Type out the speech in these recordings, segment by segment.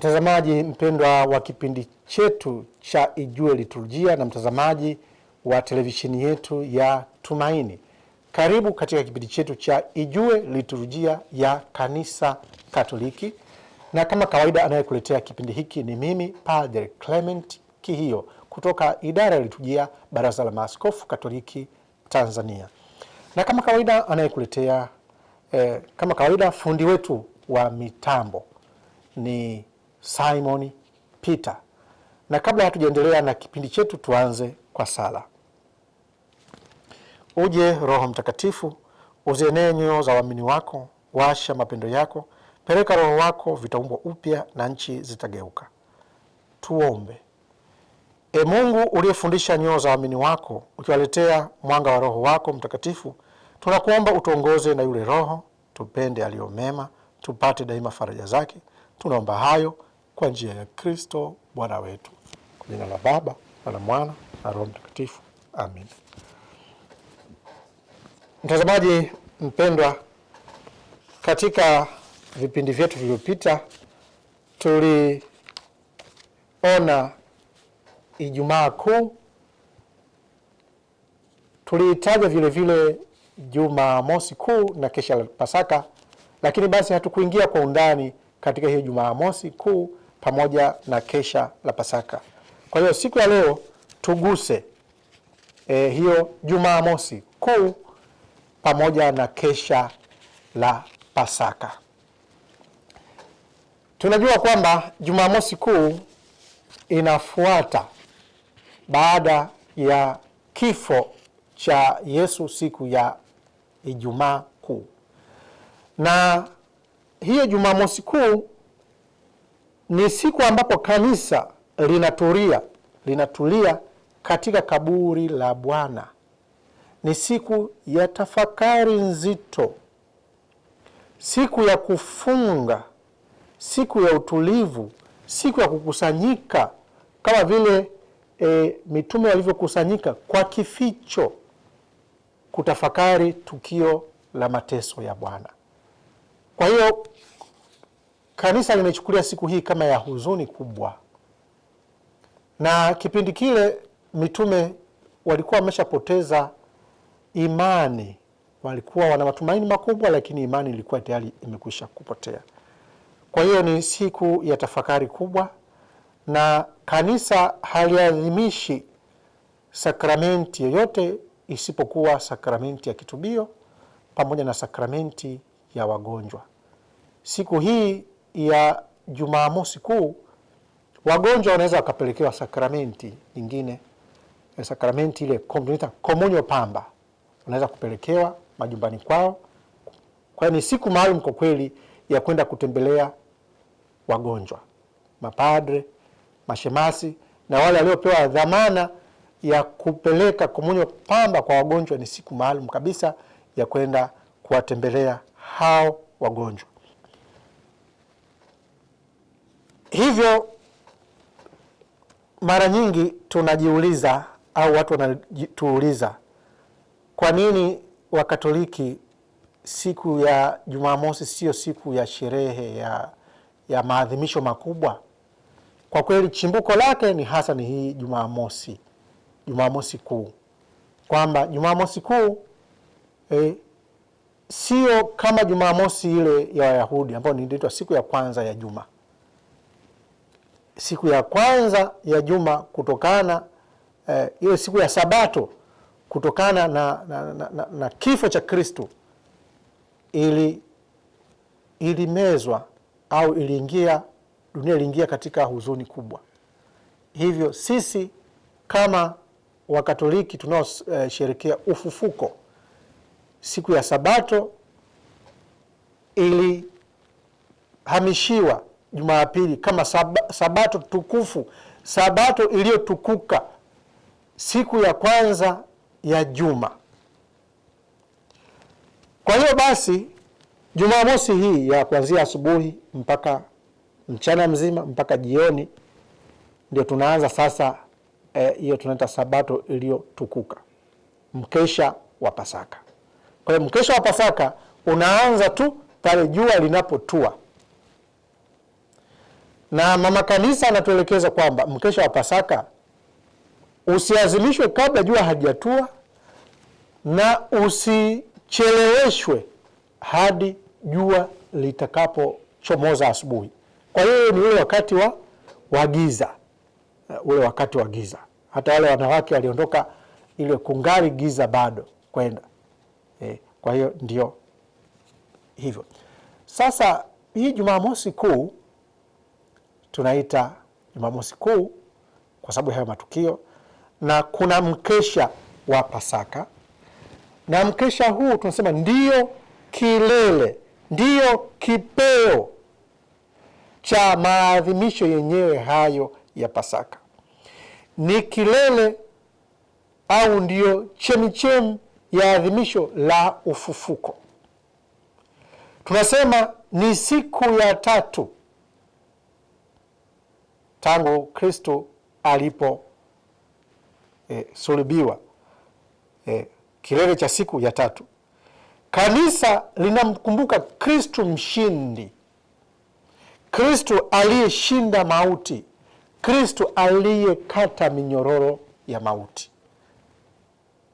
Mtazamaji mpendwa wa kipindi chetu cha Ijue Liturujia na mtazamaji wa televisheni yetu ya Tumaini, karibu katika kipindi chetu cha Ijue Liturujia ya Kanisa Katoliki, na kama kawaida anayekuletea kipindi hiki ni mimi Padre Clement Kihio kutoka idara ya liturujia, Baraza la Maaskofu Katoliki Tanzania, na kama kawaida anayekuletea eh, kama kawaida fundi wetu wa mitambo ni Simon Peter. Na kabla hatujaendelea na kipindi chetu, tuanze kwa sala. Uje Roho Mtakatifu, uzienee nyoyo za waamini wako, washa mapendo yako, peleka Roho wako, vitaumbwa upya na nchi zitageuka. Tuombe. E Mungu uliyefundisha nyoyo za waamini wako ukiwaletea mwanga wa Roho wako Mtakatifu, tunakuomba utuongoze na yule Roho tupende aliyomema, tupate daima faraja zake. Tunaomba hayo kwa njia ya Kristo Bwana wetu. Kwa jina la Baba na la Mwana na Roho Mtakatifu, amin. Mtazamaji mpendwa, katika vipindi vyetu vilivyopita tuliona Ijumaa Kuu, tuliitaja vilevile Jumamosi Kuu na kesha la Pasaka, lakini basi hatukuingia kwa undani katika hiyo Jumamosi Kuu pamoja na kesha la Pasaka. Kwa hiyo siku ya leo tuguse e, hiyo Jumamosi Kuu pamoja na kesha la Pasaka. Tunajua kwamba Jumamosi Kuu inafuata baada ya kifo cha Yesu siku ya Ijumaa Kuu, na hiyo Jumamosi Kuu ni siku ambapo kanisa linatulia linatulia katika kaburi la Bwana. Ni siku ya tafakari nzito, siku ya kufunga, siku ya utulivu, siku ya kukusanyika kama vile e, mitume walivyokusanyika kwa kificho kutafakari tukio la mateso ya Bwana. Kwa hiyo Kanisa limechukulia siku hii kama ya huzuni kubwa, na kipindi kile mitume walikuwa wameshapoteza imani, walikuwa wana matumaini makubwa, lakini imani ilikuwa tayari imekwisha kupotea. Kwa hiyo ni siku ya tafakari kubwa, na kanisa haliadhimishi sakramenti yoyote isipokuwa sakramenti ya kitubio pamoja na sakramenti ya wagonjwa. Siku hii ya Jumamosi Kuu, wagonjwa wanaweza wakapelekewa sakramenti nyingine, eh, sakramenti ile tunaita komunyo pamba, wanaweza kupelekewa majumbani kwao. Kwa hiyo ni siku maalum kwa kweli ya kwenda kutembelea wagonjwa, mapadre, mashemasi na wale waliopewa dhamana ya kupeleka komunyo pamba kwa wagonjwa. Ni siku maalum kabisa ya kwenda kuwatembelea hao wagonjwa. Hivyo mara nyingi tunajiuliza au watu wanatuuliza kwa nini Wakatoliki siku ya Jumamosi sio siku ya sherehe ya, ya maadhimisho makubwa. Kwa kweli chimbuko lake ni hasa ni hii Jumamosi, Jumamosi Kuu, kwamba Jumamosi Kuu eh, sio kama Jumamosi ile ya Wayahudi ambayo inaitwa siku ya kwanza ya juma siku ya kwanza ya juma kutokana eh, ile siku ya Sabato kutokana na, na, na, na, na kifo cha Kristo ili ilimezwa au iliingia dunia iliingia katika huzuni kubwa. Hivyo sisi kama Wakatoliki tunaosherekea eh, ufufuko, siku ya Sabato ilihamishiwa Jumapili kama sabato tukufu, sabato iliyotukuka, siku ya kwanza ya juma. Kwa hiyo basi, Jumamosi hii ya kuanzia asubuhi mpaka mchana mzima mpaka jioni, ndio tunaanza sasa eh, hiyo, e, tunaita sabato iliyotukuka, mkesha wa Pasaka. Kwa hiyo mkesha wa Pasaka unaanza tu pale jua linapotua na mama kanisa anatuelekeza kwamba mkesha wa Pasaka usiazimishwe kabla jua hajatua na usicheleweshwe hadi jua litakapochomoza asubuhi. Kwa hiyo ni ule wakati wa wa giza, eh, ule wakati wa giza. Hata wale wanawake waliondoka ile kungali giza bado kwenda e. Kwa hiyo ndio hivyo sasa, hii Jumamosi Kuu tunaita Jumamosi Kuu kwa sababu ya hayo matukio, na kuna mkesha wa Pasaka, na mkesha huu tunasema ndio kilele, ndio kipeo cha maadhimisho yenyewe hayo ya Pasaka. Ni kilele au ndio chemichemi ya adhimisho la ufufuko. Tunasema ni siku ya tatu tangu Kristo aliposulubiwa e, e, kilele cha siku ya tatu. Kanisa linamkumbuka Kristo mshindi, Kristo aliyeshinda mauti, Kristo aliyekata minyororo ya mauti.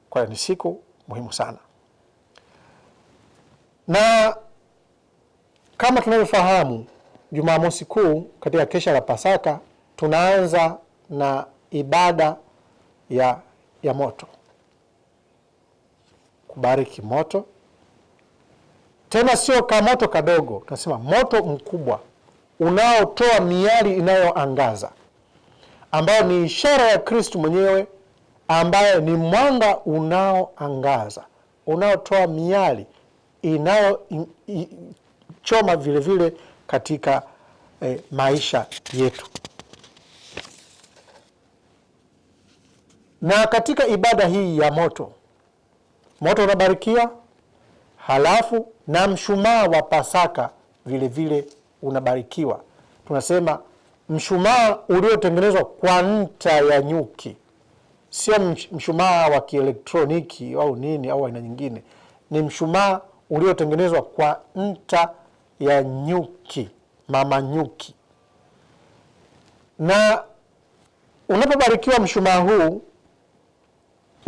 Kwa hiyo ni siku muhimu sana, na kama tunavyofahamu Jumamosi Kuu katika kesha la Pasaka tunaanza na ibada ya, ya moto, kubariki moto. Tena sio ka moto kadogo, tunasema moto mkubwa unaotoa miali inayoangaza ambayo ni ishara ya Kristu mwenyewe ambaye ni mwanga unaoangaza unaotoa miali inayochoma vilevile katika eh, maisha yetu. Na katika ibada hii ya moto, moto unabarikiwa, halafu na mshumaa wa Pasaka vilevile vile unabarikiwa. Tunasema mshumaa uliotengenezwa kwa nta ya nyuki, sio mshumaa wa kielektroniki au nini au aina nyingine, ni mshumaa uliotengenezwa kwa nta ya nyuki, mama nyuki. Na unapobarikiwa mshumaa huu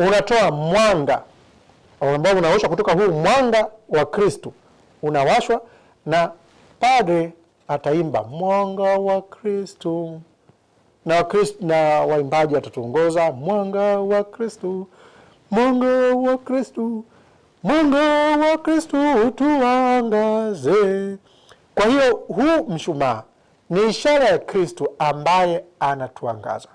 unatoa mwanga ambao unawashwa kutoka huu mwanga wa Kristu unawashwa na padre ataimba mwanga wa Kristu na, na waimbaji watatuongoza mwanga wa Kristu, mwanga wa Kristu, mwanga wa Kristu tuangaze. Kwa hiyo huu mshumaa ni ishara ya Kristu ambaye anatuangaza,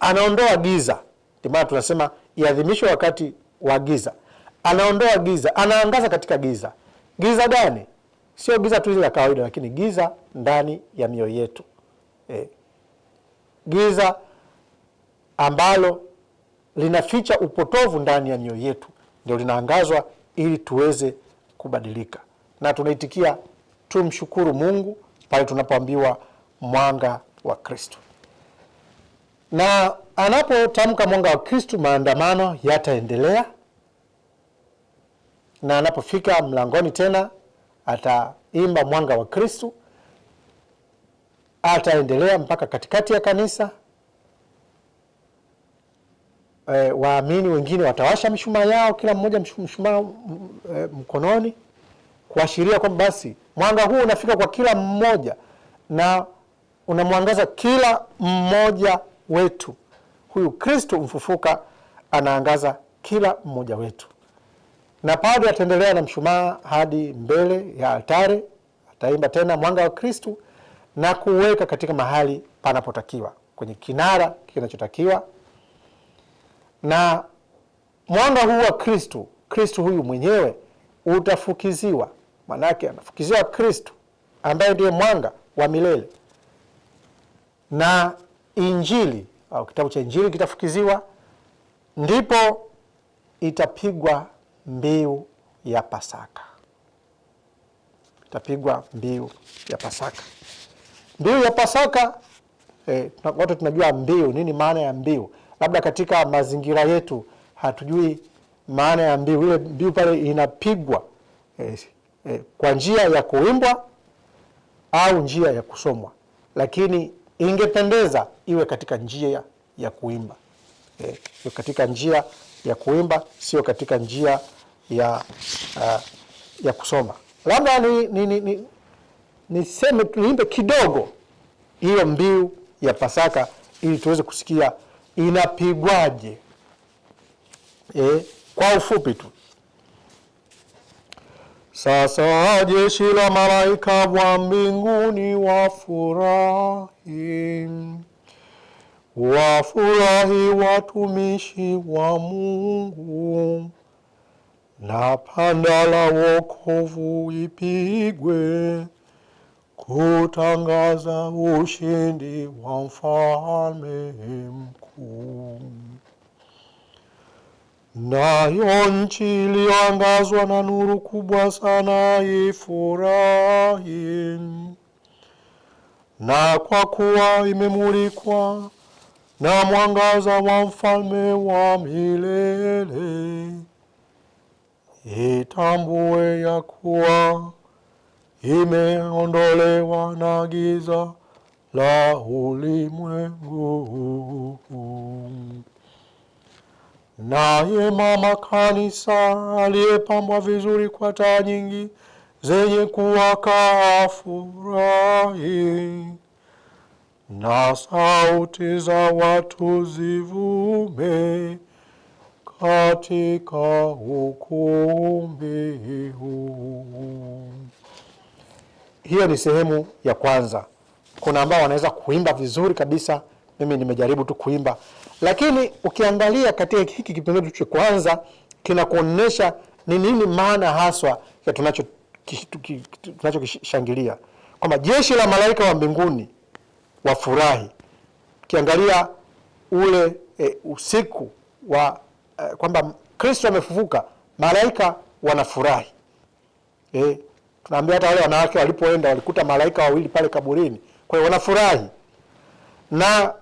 anaondoa giza ndio maana tunasema iadhimishwe wakati wa giza. Anaondoa giza, anaangaza katika giza. Giza gani? Sio giza tu la kawaida, lakini giza ndani ya mioyo yetu e. Giza ambalo linaficha upotovu ndani ya mioyo yetu ndio linaangazwa ili tuweze kubadilika, na tunaitikia tumshukuru Mungu pale tunapoambiwa mwanga wa Kristo na anapotamka mwanga wa Kristu, maandamano yataendelea, na anapofika mlangoni tena ataimba mwanga wa Kristu, ataendelea mpaka katikati ya kanisa. E, waamini wengine watawasha mishumaa yao, kila mmoja mshumaa e, mkononi, kuashiria kwamba basi mwanga huu unafika kwa kila mmoja na unamwangaza kila mmoja wetu. Huyu Kristo mfufuka anaangaza kila mmoja wetu, na padre ataendelea na mshumaa hadi mbele ya altare. Ataimba tena mwanga wa Kristo na kuweka katika mahali panapotakiwa, kwenye kinara kinachotakiwa. Na mwanga huu wa Kristo, Kristo huyu mwenyewe utafukiziwa, manake anafukiziwa Kristo ambaye ndiye mwanga wa milele na Injili au kitabu cha Injili kitafukiziwa, ndipo itapigwa mbiu ya Pasaka, itapigwa mbiu ya Pasaka. Mbiu ya Pasaka eh, watu tunajua mbiu nini, maana ya mbiu. Labda katika mazingira yetu hatujui maana ya mbiu. Ile mbiu pale inapigwa eh, eh, kwa njia ya kuimbwa au njia ya kusomwa, lakini ingependeza iwe katika njia ya kuimba eh, katika njia ya kuimba, sio katika njia ya uh, ya kusoma. Labda niseme ni, ni, ni tuimbe kidogo hiyo mbiu ya Pasaka ili tuweze kusikia inapigwaje, eh, kwa ufupi tu. Sasa jeshi la malaika wa mbinguni wafurahi, wafurahi watumishi wa Mungu, na panda la wokovu ipigwe kutangaza ushindi wa mfalme mkuu. Nayo nchi iliyoangazwa na nuru kubwa sana ifurahi, na kwa kuwa imemulikwa na mwangaza wa mfalme wa milele. Itambue ya kuwa imeondolewa na giza la ulimwengu naye mama kanisa aliyepambwa vizuri kwa taa nyingi zenye kuwaka furahi, na sauti za watu zivume katika ukumbi huu. Hiyo ni sehemu ya kwanza. Kuna ambao wanaweza kuimba vizuri kabisa, mimi nimejaribu tu kuimba lakini ukiangalia katika hiki kipengele cha kwanza kinakuonyesha ni nini maana haswa ya tunachokishangilia, kwamba jeshi la malaika wa mbinguni wafurahi. Ukiangalia ule e, usiku wa e, kwamba Kristo amefufuka, malaika wanafurahi e, tunaambia hata wale wanawake walipoenda walikuta malaika wawili pale kaburini, kwa hiyo wanafurahi na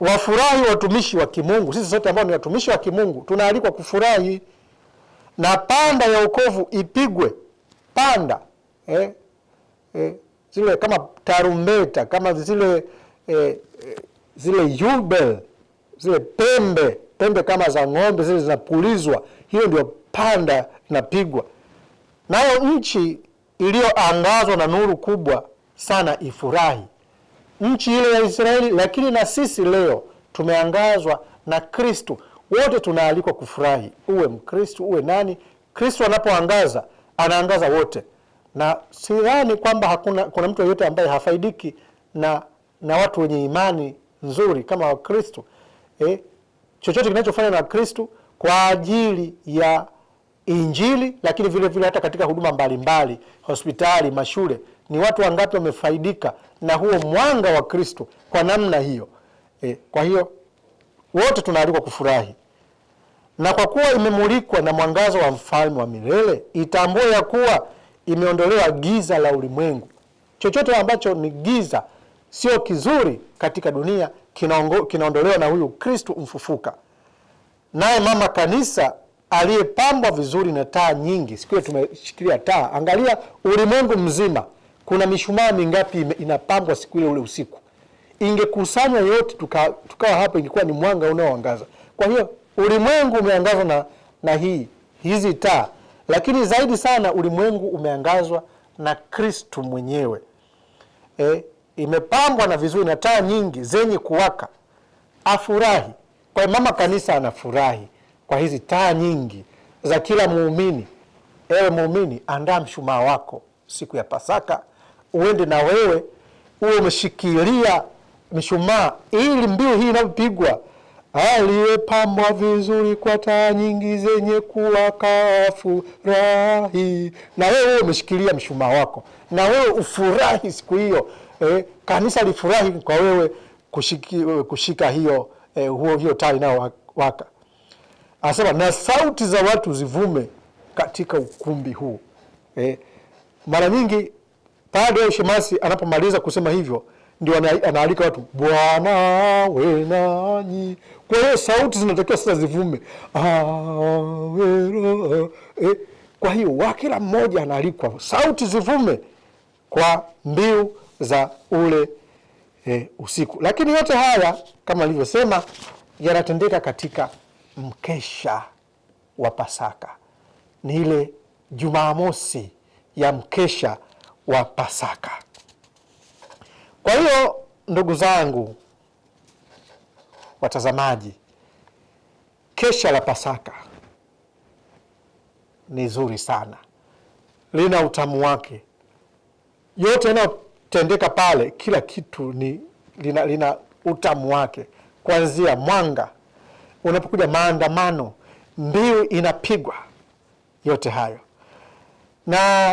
wafurahi watumishi wa kimungu. Sisi sote ambao ni watumishi wa kimungu tunaalikwa kufurahi, na panda ya ukovu ipigwe panda, eh, eh, zile kama tarumbeta kama zile eh, zile yubel zile pembe pembe kama za ng'ombe zile zinapulizwa, hiyo ndio panda inapigwa nayo. Nchi iliyoangazwa na nuru kubwa sana ifurahi nchi ile ya Israeli, lakini na sisi leo tumeangazwa na Kristu. Wote tunaalikwa kufurahi, uwe Mkristu uwe nani. Kristu anapoangaza anaangaza wote, na sidhani kwamba hakuna kuna mtu yeyote ambaye hafaidiki na, na watu wenye imani nzuri kama Wakristu eh, chochote kinachofanywa na Kristu kwa ajili ya Injili, lakini vile vile hata katika huduma mbalimbali, hospitali, mashule ni watu wangapi wamefaidika na huo mwanga wa Kristo kwa namna hiyo e. Kwa hiyo wote tunaalikwa kufurahi, na kwa kuwa imemulikwa na mwangazo wa mfalme wa milele, itambue ya kuwa imeondolewa giza la ulimwengu. Chochote ambacho ni giza, sio kizuri katika dunia, kinaondolewa na huyu Kristo mfufuka. Naye mama kanisa aliyepambwa vizuri na taa nyingi, siku hiyo tumeshikilia taa, angalia ulimwengu mzima kuna mishumaa mingapi inapambwa siku ile ule usiku, ingekusanywa yote tukawa tuka hapa, ingekuwa ni mwanga unaoangaza. Kwa hiyo ulimwengu umeangazwa na, na hii hizi taa, lakini zaidi sana ulimwengu umeangazwa na Kristu mwenyewe e, imepambwa na vizuri na taa nyingi zenye kuwaka, afurahi. Kwa mama kanisa anafurahi kwa hizi taa nyingi za kila muumini. Ewe muumini, andaa mshumaa wako siku ya Pasaka uende na wewe uwe umeshikilia mishumaa, ili mbiu hii inapopigwa, aliyepambwa vizuri kwa taa nyingi zenye kuwaka furahi na wewe uwe umeshikilia mshumaa wako, na wewe ufurahi siku hiyo eh, kanisa lifurahi kwa wewe kushiki, eh, kushika hiyo eh, huo hiyo taa inayowaka. Asema na sauti za watu zivume katika ukumbi huu eh, mara nyingi ya Shemasi anapomaliza kusema hivyo ndio anaalika watu, Bwana we nanyi. Kwa hiyo sauti zinatakiwa sasa zivume ah, eh. Kwa hiyo wa kila mmoja anaalikwa sauti zivume kwa mbiu za ule eh, usiku. Lakini yote haya kama alivyosema yanatendeka katika mkesha wa Pasaka, ni ile Jumamosi ya mkesha wa Pasaka. Kwa hiyo ndugu zangu watazamaji, kesha la Pasaka ni zuri sana, lina utamu wake. Yote yanayotendeka pale, kila kitu ni lina, lina utamu wake, kuanzia mwanga unapokuja, maandamano, mbiu inapigwa, yote hayo na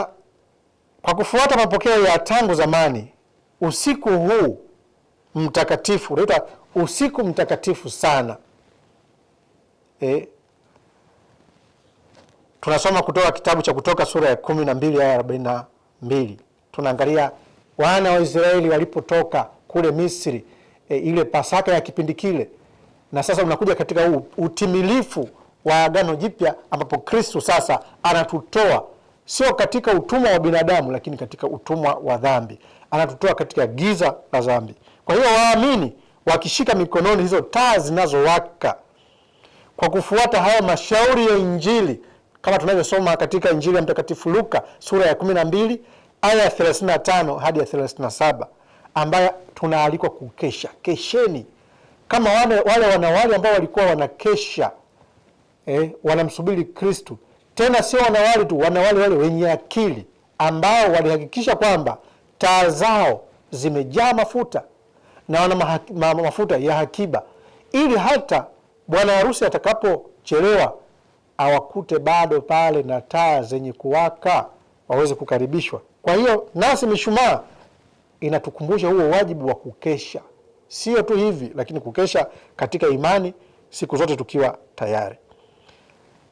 kwa kufuata mapokeo ya tangu zamani, usiku huu mtakatifu unaitwa usiku mtakatifu sana. E, tunasoma kutoka kitabu cha Kutoka sura ya kumi na mbili aya arobaini na mbili tunaangalia wana wa Israeli walipotoka kule Misri, e, ile Pasaka ya kipindi kile, na sasa unakuja katika huu utimilifu wa Agano Jipya ambapo Kristu sasa anatutoa sio katika utumwa wa binadamu, lakini katika utumwa wa dhambi. Anatutoa katika giza la dhambi. Kwa hiyo waamini wakishika mikononi hizo taa zinazowaka kwa kufuata haya mashauri ya Injili kama tunavyosoma katika Injili ya Mtakatifu Luka sura ya 12 aya ya 35 hadi ya 37, ambayo tunaalikwa kukesha. Kesheni kama wale wale wanawali ambao walikuwa wanakesha eh, wanamsubiri Kristu tena sio wanawali tu, wanawali wale wenye akili ambao walihakikisha kwamba taa zao zimejaa mafuta na wana ma, mafuta ya hakiba, ili hata bwana harusi atakapochelewa awakute bado pale na taa zenye kuwaka waweze kukaribishwa. Kwa hiyo nasi mishumaa inatukumbusha huo wajibu wa kukesha, sio tu hivi, lakini kukesha katika imani siku zote tukiwa tayari.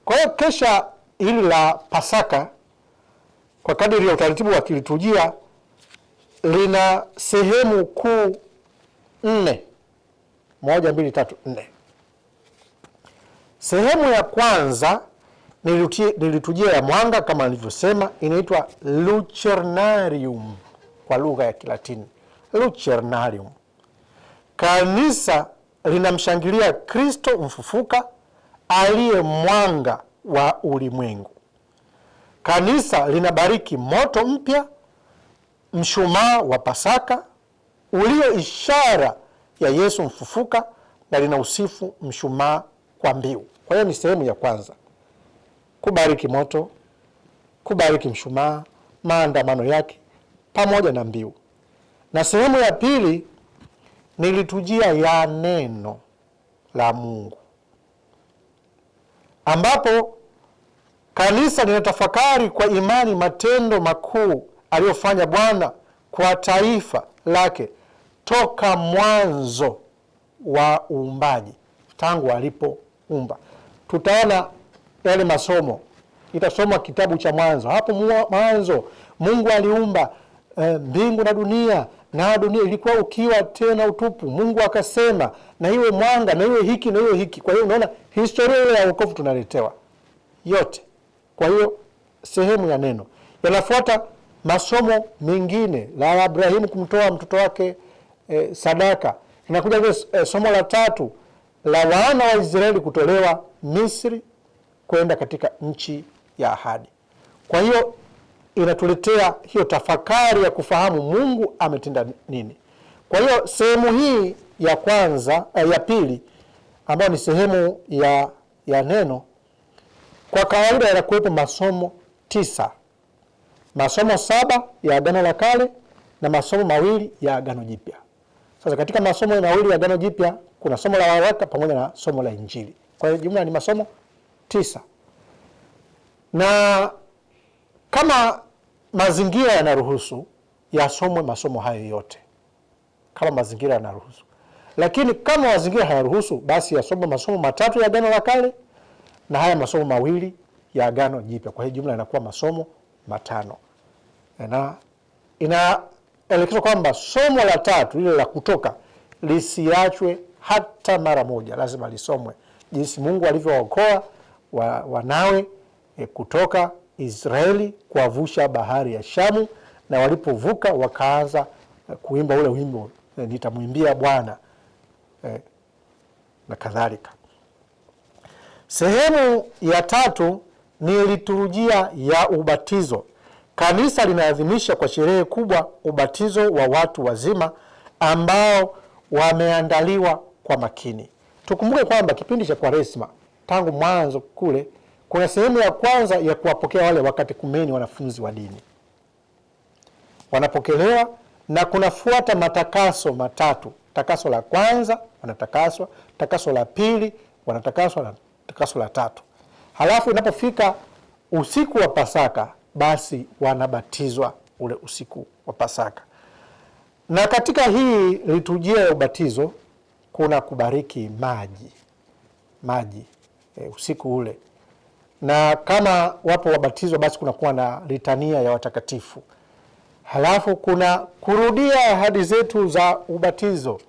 Kwa hiyo kesha hili la Pasaka kwa kadiri ya utaratibu wa kiliturujia lina sehemu kuu nne: moja, mbili, tatu, nne. Sehemu ya kwanza ni liturujia ya mwanga kama nilivyosema, inaitwa lucernarium kwa lugha ya Kilatini, lucernarium. Kanisa linamshangilia Kristo mfufuka aliye mwanga wa ulimwengu. Kanisa linabariki moto mpya, mshumaa wa Pasaka ulio ishara ya Yesu mfufuka, na lina usifu mshumaa kwa mbiu. Kwa hiyo ni sehemu ya kwanza, kubariki moto, kubariki mshumaa, maandamano yake pamoja na mbiu. Na sehemu ya pili ni liturujia ya neno la Mungu ambapo kanisa linatafakari kwa imani matendo makuu aliyofanya Bwana kwa taifa lake toka mwanzo wa uumbaji, tangu alipoumba. Tutaona yale masomo, itasoma kitabu cha Mwanzo. Hapo mwanzo Mungu aliumba e, mbingu na dunia na dunia ilikuwa ukiwa tena utupu. Mungu akasema na iwe mwanga, na iwe hiki na iwe hiki. Kwa hiyo unaona historia ile ya wokovu tunaletewa yote. Kwa hiyo sehemu ya neno yanafuata masomo mengine la abrahimu kumtoa mtoto wake e, sadaka. Inakuja e, somo la tatu la wana wa Israeli kutolewa Misri kwenda katika nchi ya ahadi. Kwa hiyo inatuletea hiyo tafakari ya kufahamu Mungu ametenda nini. Kwa hiyo sehemu hii ya kwanza eh, ya pili ambayo ni sehemu ya, ya neno kwa kawaida yanakuwepo masomo tisa, masomo saba ya Agano la Kale na masomo mawili ya Agano Jipya. Sasa katika masomo mawili ya Agano Jipya kuna somo la waraka pamoja na somo la Injili. Kwa hiyo jumla ni masomo tisa na kama mazingira yanaruhusu, yasomwe masomo hayo yote, kama mazingira yanaruhusu. Lakini kama mazingira hayaruhusu, basi yasomwe masomo matatu ya Agano la Kale na haya masomo mawili ya Agano Jipya. Kwa hiyo jumla inakuwa masomo matano, na inaelekezwa kwamba somo la tatu lile la Kutoka lisiachwe hata mara moja, lazima lisomwe, jinsi Mungu alivyowaokoa wanawe wa eh, e, kutoka Israeli kuwavusha bahari ya Shamu, na walipovuka wakaanza eh, kuimba ule wimbo eh, nitamwimbia Bwana eh, na kadhalika. Sehemu ya tatu ni liturujia ya ubatizo. Kanisa linaadhimisha kwa sherehe kubwa ubatizo wa watu wazima ambao wameandaliwa kwa makini. Tukumbuke kwamba kipindi cha Kwaresma tangu mwanzo kule kuna sehemu ya kwanza ya kuwapokea wale wakatekumeni, wanafunzi wa dini wanapokelewa, na kunafuata matakaso matatu. Takaso la kwanza wanatakaswa, takaso la pili wanatakaswa, na takaso la tatu. Halafu inapofika usiku wa Pasaka, basi wanabatizwa ule usiku wa Pasaka. Na katika hii liturujia ya ubatizo kuna kubariki maji maji, e, usiku ule na kama wapo wabatizwa, basi kunakuwa na litania ya watakatifu, halafu kuna kurudia ahadi zetu za ubatizo.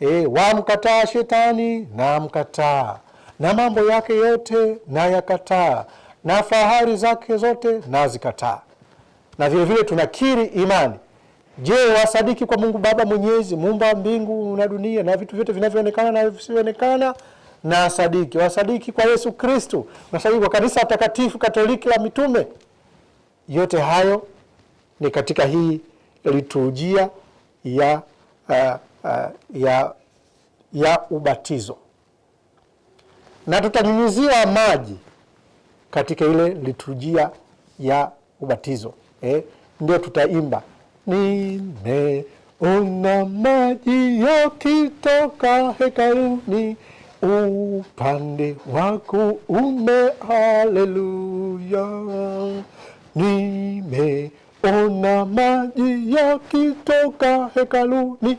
E, wamkataa shetani na mkataa na mambo yake yote na yakataa na fahari zake zote na zikataa, na vilevile tunakiri imani. Je, wasadiki kwa Mungu Baba Mwenyezi, muumba mbingu na dunia na vitu vyote vinavyoonekana na visivyoonekana na asadiki. Wasadiki kwa Yesu Kristu, wasadiki kwa kanisa takatifu Katoliki la mitume. Yote hayo ni katika hii liturujia ya, uh, uh, ya, ya ubatizo, na tutanyunyizia maji katika ile liturujia ya ubatizo eh, ndio tutaimba nimeona maji yakitoka hekaluni upande wako ume, haleluya, nimeona maji yakitoka hekaluni.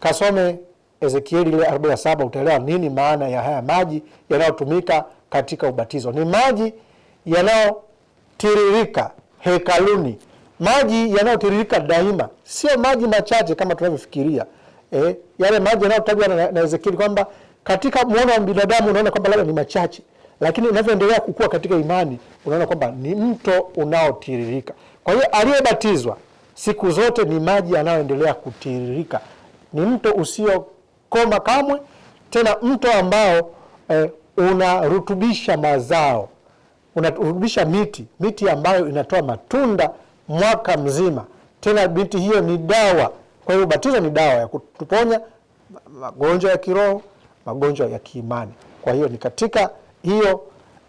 Kasome Ezekieli ile 47 utaelewa nini maana ya haya maji yanayotumika katika ubatizo. Ni maji yanayotiririka hekaluni, maji yanayotiririka daima, sio maji machache kama tunavyofikiria. Eh, yale maji yanayotajwa na, na Ezekieli kwamba katika muono wa binadamu unaona kwamba labda ni machache, lakini unavyoendelea kukua katika imani unaona kwamba ni mto unaotiririka. Kwa hiyo aliyebatizwa siku zote ni maji yanayoendelea kutiririka, ni mto usiokoma kamwe, tena mto ambao eh, unarutubisha mazao, unarutubisha miti, miti ambayo inatoa matunda mwaka mzima. Tena miti hiyo ni dawa. Kwa hiyo ubatizo ni dawa ya kutuponya magonjwa ya kiroho magonjwa ya kiimani. Kwa hiyo ni katika hiyo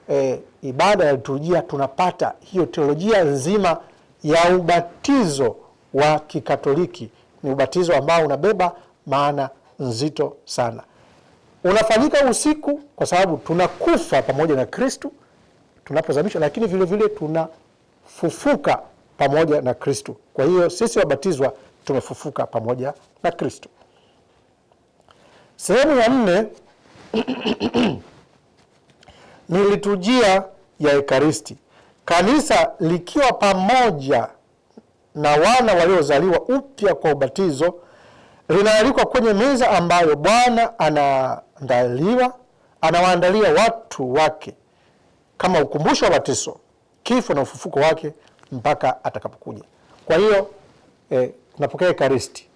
e, ibada ya liturujia tunapata hiyo teolojia nzima ya ubatizo wa Kikatoliki. Ni ubatizo ambao unabeba maana nzito sana. Unafanyika usiku kwa sababu tunakufa pamoja na Kristu tunapozamishwa, lakini vilevile tunafufuka pamoja na Kristu. Kwa hiyo sisi wabatizwa tumefufuka pamoja na Kristu. Sehemu ya nne ni liturujia ya Ekaristi, kanisa likiwa pamoja na wana waliozaliwa upya kwa ubatizo linaalikwa kwenye meza ambayo Bwana anaandaliwa anawaandalia watu wake kama ukumbusho wa batizo, kifo na ufufuko wake mpaka atakapokuja. Kwa hiyo tunapokea eh, Ekaristi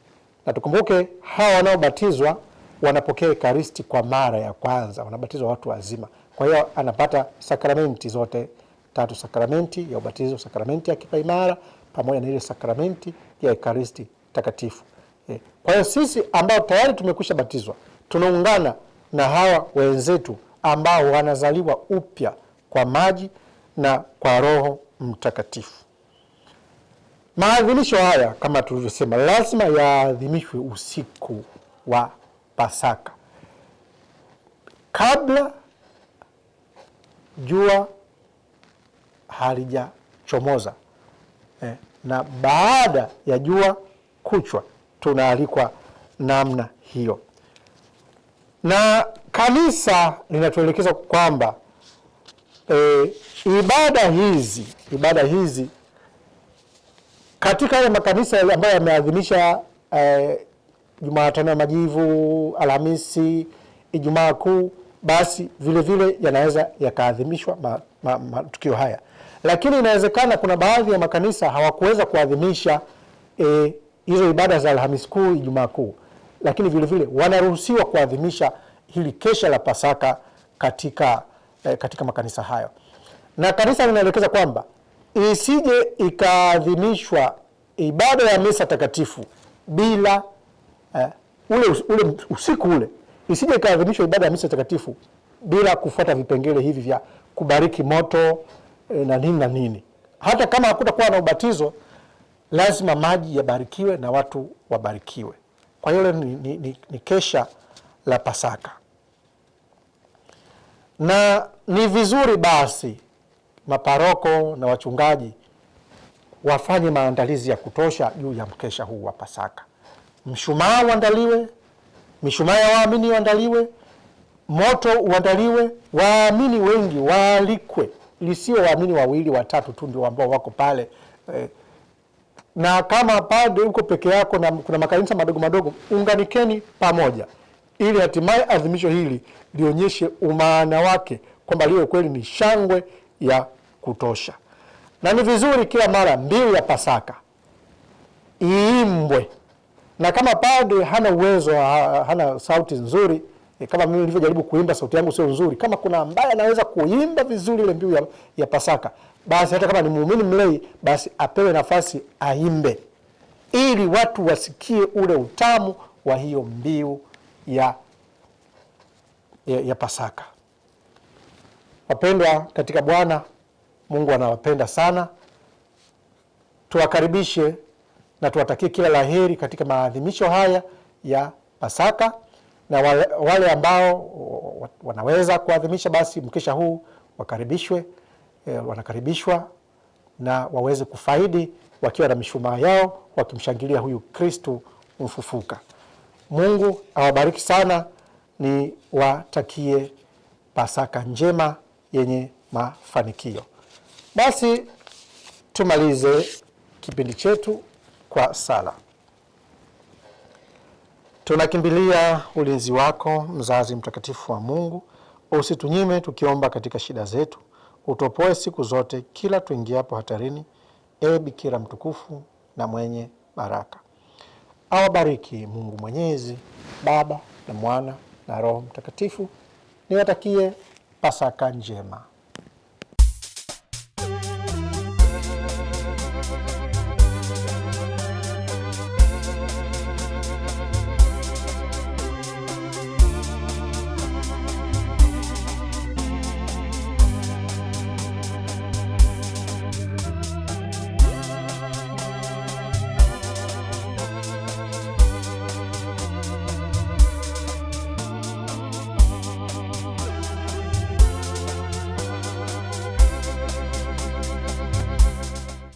na tukumbuke hawa wanaobatizwa wanapokea ekaristi kwa mara ya kwanza, wanabatizwa watu wazima. Kwa hiyo anapata sakramenti zote tatu, sakramenti ya ubatizo, sakramenti ya kipaimara pamoja na ile sakramenti ya ekaristi takatifu. Eh, kwa hiyo sisi ambao tayari tumekwisha batizwa tunaungana na hawa wenzetu ambao wanazaliwa upya kwa maji na kwa Roho Mtakatifu. Maadhimisho haya kama tulivyosema, lazima yaadhimishwe usiku wa Pasaka, kabla jua halijachomoza eh, na baada ya jua kuchwa, tunaalikwa namna hiyo, na kanisa linatuelekeza kwamba eh, ibada hizi ibada hizi katika yale makanisa ambayo yameadhimisha eh, Jumatano ya Majivu, Alhamisi, Ijumaa Kuu, basi vile vile yanaweza yakaadhimishwa matukio ma, ma, haya, lakini inawezekana kuna baadhi ya makanisa hawakuweza kuadhimisha e, hizo e, ibada za Alhamisi Kuu, Ijumaa Kuu, lakini vile vile wanaruhusiwa kuadhimisha hili kesha la Pasaka katika, e, katika makanisa hayo, na kanisa linaelekeza kwamba isije ikaadhimishwa ibada ya misa takatifu bila eh, ule, ule usiku ule isije ikaadhimishwa ibada ya misa takatifu bila kufuata vipengele hivi vya kubariki moto eh, na nini na nini. Hata kama hakutakuwa na ubatizo, lazima maji yabarikiwe na watu wabarikiwe. Kwa hiyo ni, ni, ni, ni kesha la Pasaka, na ni vizuri basi maparoko na wachungaji wafanye maandalizi ya kutosha juu ya mkesha huu wa Pasaka mshumaa uandaliwe, mishumaa ya waamini uandaliwe, moto uandaliwe, waamini wengi waalikwe, lisio waamini wawili watatu tu ndio ambao wako pale eh, na kama padre uko peke yako na kuna makanisa madogo madogo, unganikeni pamoja ili hatimaye adhimisho hili lionyeshe umaana wake kwamba liwe kweli ni shangwe ya kutosha, na ni vizuri kila mara mbiu ya Pasaka iimbwe na kama padre hana uwezo, hana sauti nzuri e, kama mimi nilivyojaribu kuimba sauti yangu sio nzuri, kama kuna ambaye anaweza kuimba vizuri ile mbiu ya, ya Pasaka, basi hata kama ni muumini mlei, basi apewe nafasi aimbe, ili watu wasikie ule utamu wa hiyo mbiu ya, ya, ya Pasaka. Wapendwa katika Bwana, Mungu anawapenda sana, tuwakaribishe na tuwatakie kila laheri katika maadhimisho haya ya Pasaka, na wale, wale ambao wanaweza kuadhimisha basi mkesha huu wakaribishwe, e, wanakaribishwa na waweze kufaidi wakiwa na mishumaa yao wakimshangilia huyu Kristu mfufuka. Mungu awabariki sana, ni watakie Pasaka njema yenye mafanikio. Basi tumalize kipindi chetu kwa sala. Tunakimbilia ulinzi wako, mzazi mtakatifu wa Mungu, usitunyime tukiomba katika shida zetu, utopoe siku zote kila tuingiapo hatarini. e Bikira mtukufu na mwenye baraka, awabariki Mungu Mwenyezi, Baba na Mwana na Roho Mtakatifu. Niwatakie Pasaka njema.